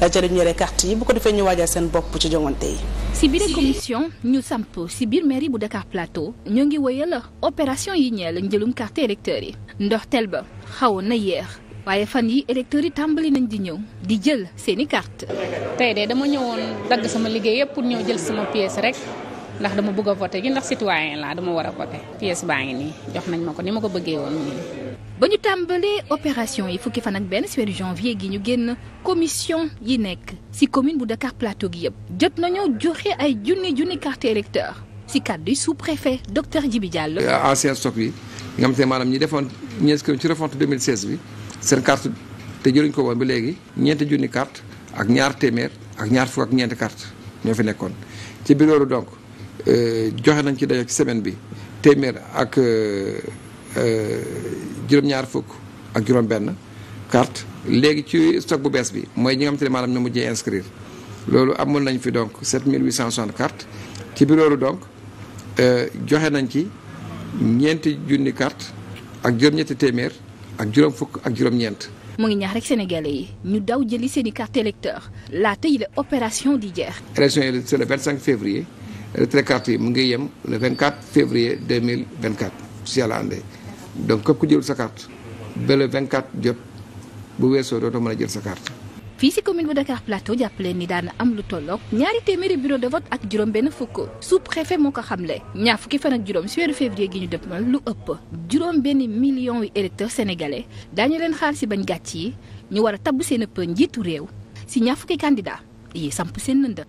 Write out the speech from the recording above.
ca la ñu yore yi bu ko defee ñu waajal seen bopp ci joŋante yi. si biir commission ñu samp si biir mairie bu Dakar Plateau ñoo ngi wéyal opération yi ñeel jëlum carte électeur yi ndox tel ba xawoon na yéex. waaye fan yi électeurs yi tàmbali nañ di ñëw di jël seeni carte tey de dama ñëwoon dagg sama liggéey yëpp pour ñëw jël sama pièce rek ndax dama bëgg a voté ji ndax citoyen laa dama war a voté pièce baa ngi nii jox nañ ma ko ni ma ko bëggee woon ba ñu tàmbalee opération yi fukki fan ak benn ci weeru janvier gi ñu génn commission yi nekk ci commune bu Dakar Plateau gi yëpp jot nañoo joxe ay junni junni carte électeur ci kàddu sous-préfet docteur Djibi Diallo. Euh, ancien stock yi nga xam te maanaam ñi defoon ñi ci refonte 2016 bi seen carte te jëluñ ko woon ba léegi ñeenti junni carte ak ñaar téeméer ak ñaar fukk ñeenti carte ñoo fi nekkoon ci biir loolu Euh, joxe nañ ci daje ci semaine bi téeméer ak euh, euh, juróom-ñaar fukk ak juróom-benn carte léegi ci stock bu bees bi mooy ñu nga xamante ne maanaam ñu mujjee inscrire loolu amoon nañ fi donc 7860 carte ci biir loolu donc joxe nañ ci ñeenti junni carte ak juróom-ñetti téeméer ak juróom fukk ak juróom-ñeent. mu ngi ñaax rek sénégalais yi ñu daw jëli seen i carte électeur laata yi la opération di jeex. élection yi c'est le 25 février. retrait carte yi mu ngi yem le 24 février 2024 si yàlla àndee donc képp ku jël sa carte ba le 24 jot bu weesoo dootoo mën a jël sa carte. fii si commune bu Dakar Plateau jàppaleen ni daan am lu tolloog ñaari téeméeri bureau de vote ak juróom benn fukk sous préfet moo ko xamle ñaar fukki fan ak juróom si weeru février gi ñu dëppmal lu ëpp juróom benn million yu électeurs daa daañu leen xaar si bañ gàcc yi ñu war a tabb seen ëpp njiitu réew si ñaar fukki candidat yi sam seen nënd.